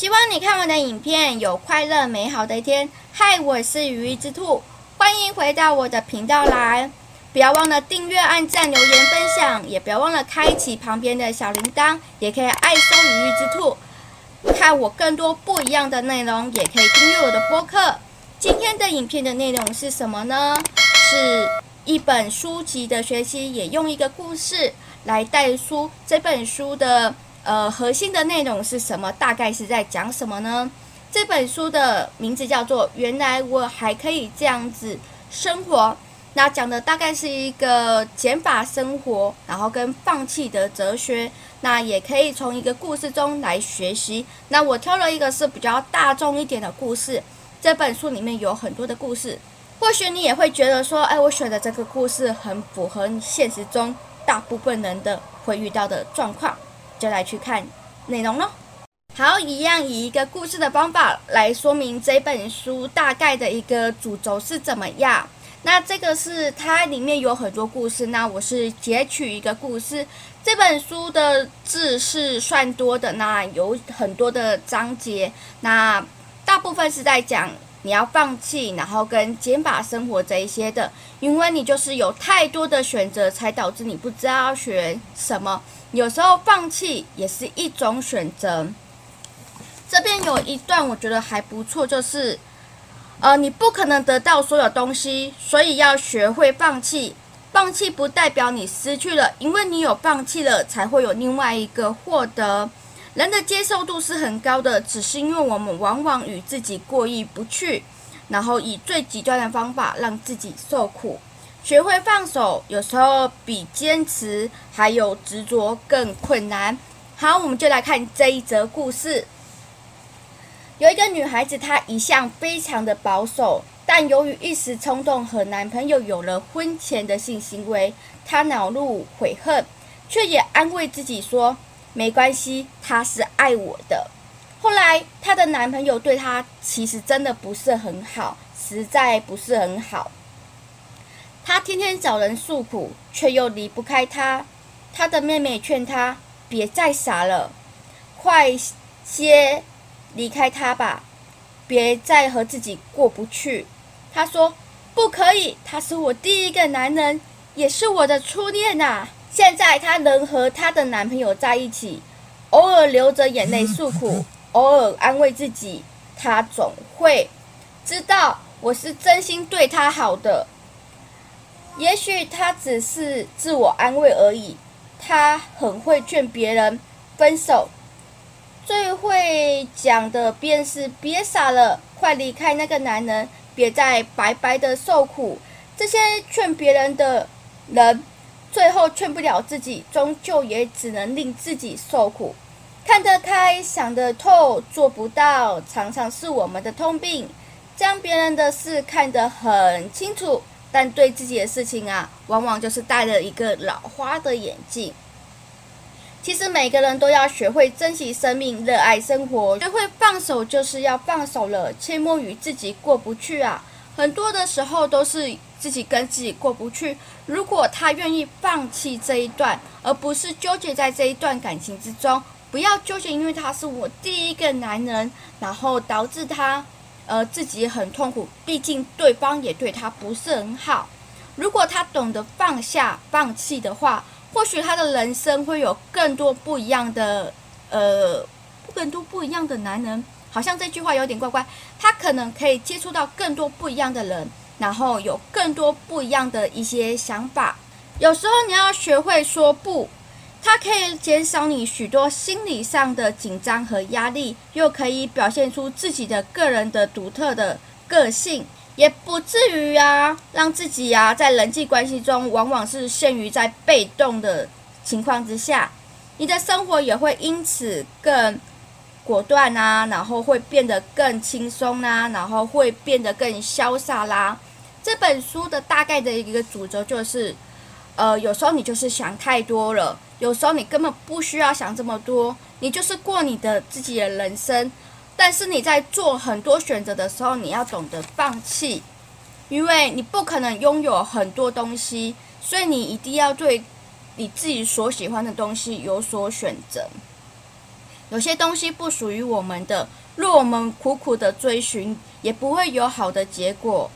希望你看我的影片，有快樂美好的一天。嗨，我是羽翼之兔，歡迎回到我的頻道來。不要忘了訂閱、按贊、留言、分享，也不要忘了開啟旁邊的小鈴鐺。也可以愛特羽翼之兔，看我更多不一樣的內容，也可以訂閱我的播客。今天的影片的內容是什麼呢？是一本書籍的學習，也用一個故事來帶出這本書的。呃，核心的內容是什麼？大概是在講什麼呢？這本書的名字叫做《原來我還可以這樣子生活》，那講的大概是一個減法生活，然後跟放棄的哲學。那也可以從一個故事中來學習。那我挑了一個是比較大眾一點的故事。這本書裡面有很多的故事，或許你也會覺得說，哎，我選的這個故事很符合你現實中大部分人的會遇到的狀況。就來去看內容咯，好，一樣以一個故事的方法來說明這本書大概的一個主軸是怎麼樣。那這個是它，裡面有很多故事，那我是截取一個故事。這本書的字是算多的，那有很多的章節，那大部分是在講你要放棄，然後跟簡法減法生活這一些的。因為你就是有太多的選擇，才導致你不知道要選什麼。有時候放棄也是一種選擇。這邊有一段我覺得還不錯，就是，呃，你不可能得到所有東西，所以要學會放棄。放棄不代表你失去了，因為你有放棄了，才會有另外一個獲得。人的接受度是很高的，只是因為我們往往與自己過意不去，然後以最極端的方法讓自己受苦。學會放手，有時候比堅持還有執着更困難。好，我們就來看這一則故事。有一個女孩子，她一向非常的保守，但由於一時衝動和男朋友有了婚前的性行為，她惱怒悔恨，卻也安慰自己說：“沒關係，他是愛我的。”後來，她的男朋友對她其實真的不是很好，實在不是很好。他天天找人訴苦，卻又離不開他。他的妹妹勸他別再傻了，快些離開他吧，別再和自己過不去。他說：“不可以，他是我第一個男人，也是我的初戀啊。”現在他能和他的男朋友在一起，偶爾流着眼淚訴苦， 偶爾安慰自己，他總會知道我是真心對他好的。也許他只是自我安慰而已。他很會勸別人分手，最會講的便是“別傻了，快離開那個男人，別再白白的受苦”。這些勸別人的人，最後勸不了自己，終究也只能令自己受苦。看得開、想得透，做不到，常常是我們的通病。將別人的事看得很清楚。但對自己的事情啊，往往就是戴了一個老花的眼鏡。其實每個人都要學會珍惜生命、熱愛生活，學會放手就是要放手了，切莫與自己過不去啊！很多的時候都是自己跟自己過不去。如果他願意放棄這一段，而不是糾結在這一段感情之中，不要糾結，因為他是我第一個男人，然後導致他。呃，自己很痛苦，畢竟對方也對他不是很好。如果他懂得放下、放棄的話，或許他的人生會有更多不一樣的，呃，不更多不一樣的男人。好像這句話有點怪怪，他可能可以接觸到更多不一樣的人，然後有更多不一樣的一些想法。有時候你要學會說不。它可以減少你許多心理上的緊張和壓力，又可以表現出自己的個人的獨特的個性，也不至於啊，讓自己啊，在人際關係中往往是陷於在被動的情況之下。你的生活也會因此更果斷啊，然後會變得更輕鬆啊，然後會變得更瀟灑啦。這本書的大概的一個主軸就是，呃，有時候你就是想太多了。有時候你根本不需要想這麼多，你就是過你的自己的人生。但是你在做很多選擇的時候，你要懂得放棄，因為你不可能擁有很多東西，所以你一定要對你自己所喜歡的東西有所選擇。有些東西不屬於我們的，若我們苦苦的追尋，也不會有好的結果。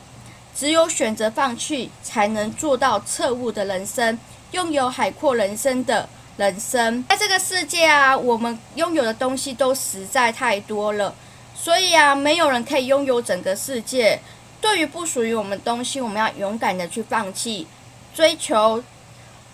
只有選擇放棄，才能做到徹悟的人生。擁有海闊人生的人生，在這個世界啊，我們擁有的東西都實在太多了，所以啊，沒有人可以擁有整個世界。對於不屬於我們的東西，我們要勇敢的去放棄，追求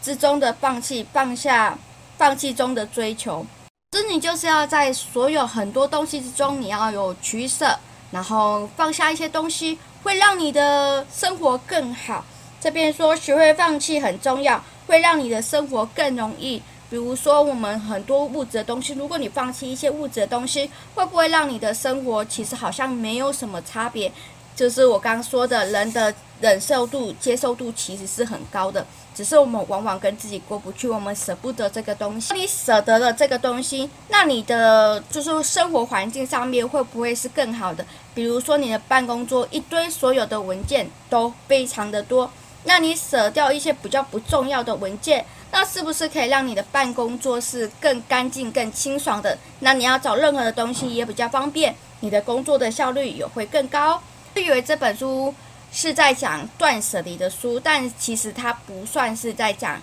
之中的放棄，放下，放棄中的追求。所以你就是要在所有很多東西之中，你要有取捨，然後放下一些東西，會讓你的生活更好。這邊說，學會放棄很重要。會讓你的生活更容易。比如說，我們很多物質的東西，如果你放棄一些物質的東西，會不會讓你的生活其實好像沒有什麼差別？就是我剛剛說的，人的忍受度、接受度其實是很高的，只是我們往往跟自己過不去，我們捨不得這個東西。你捨得了這個東西，那你的就是生活環境上面會不會是更好的？比如說，你的辦公桌一堆所有的文件都非常的多。那你捨掉一些比較不重要的文件，那是不是可以讓你的辦公桌是更乾淨、更清爽的？那你要找任何的東西也比較方便，你的工作的效率也會更高。我以為這本書是在講斷捨離的書，但其實它不算是在講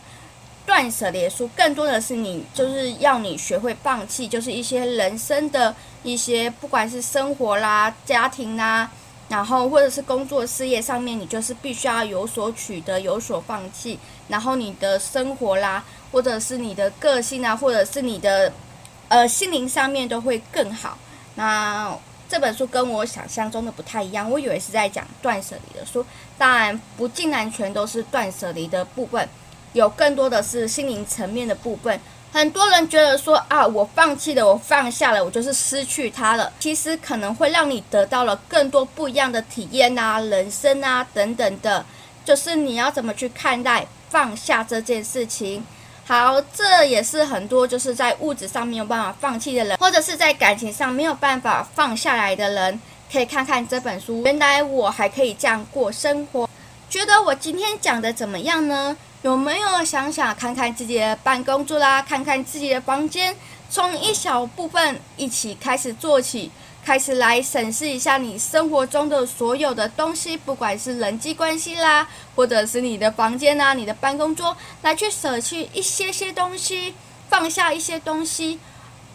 斷捨離的書，更多的是你就是要你學會放棄，就是一些人生的一些，不管是生活啦、家庭啦。然後，或者是工作事業上面，你就是必須要有所取得，有所放棄。然後你的生活啦，或者是你的個性啊，或者是你的呃心靈上面都會更好。那這本書跟我想象中的不太一樣，我以為是在講斷捨離的書，但不盡然全都是斷捨離的部分，有更多的是心靈層面的部分。很多人覺得說啊，我放棄了，我放下了，我就是失去他了。其實可能會讓你得到了更多不一樣的體驗啊、人生啊等等的，就是你要怎麼去看待放下這件事情。好，這也是很多就是在物質上沒有辦法放棄的人，或者是在感情上沒有辦法放下來的人，可以看看這本書。原來我還可以這樣過生活。覺得我今天講的怎麼樣呢？有沒有想想看看自己的辦公桌啦，看看自己的房間，從一小部分一起開始做起，開始來審視一下你生活中的所有的東西，不管是人際關係啦，或者是你的房間吶、啊、你的辦公桌，來去舍去一些些東西，放下一些東西，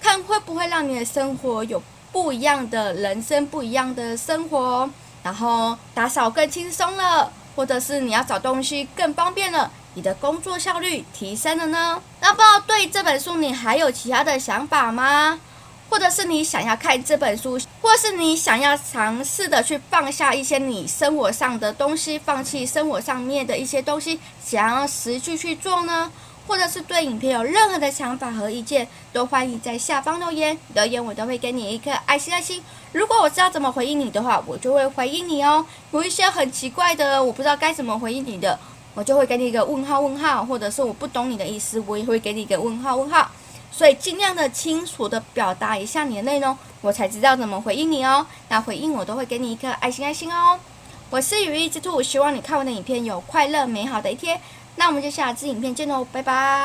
看會不會讓你的生活有不一樣的人生、不一樣的生活，然後打掃更輕鬆了，或者是你要找東西更方便了。你的工作效率提升了呢？那不知道對這本書你還有其他的想法嗎？或者是你想要看這本書，或者是你想要嘗試的去放下一些你生活上的東西，放棄生活上面的一些東西，想要實際去做呢？或者是對影片有任何的想法和意見，都歡迎在下方留言，留言我都會給你一顆愛心愛心。如果我知道怎麼回應你的話，我就會回應你哦。有一些很奇怪的，我不知道該怎麼回應你的。我就會給你一個問號問號，或者是我不懂你的意思，我也會給你一個問號問號。所以盡量的清楚的表達一下你的內容，我才知道怎麼回應你哦。那回應我都會給你一顆愛心愛心哦。我是羽翼之兔，希望你看完的影片有快樂美好的一天。那我們就下支影片見嘍、哦，拜拜。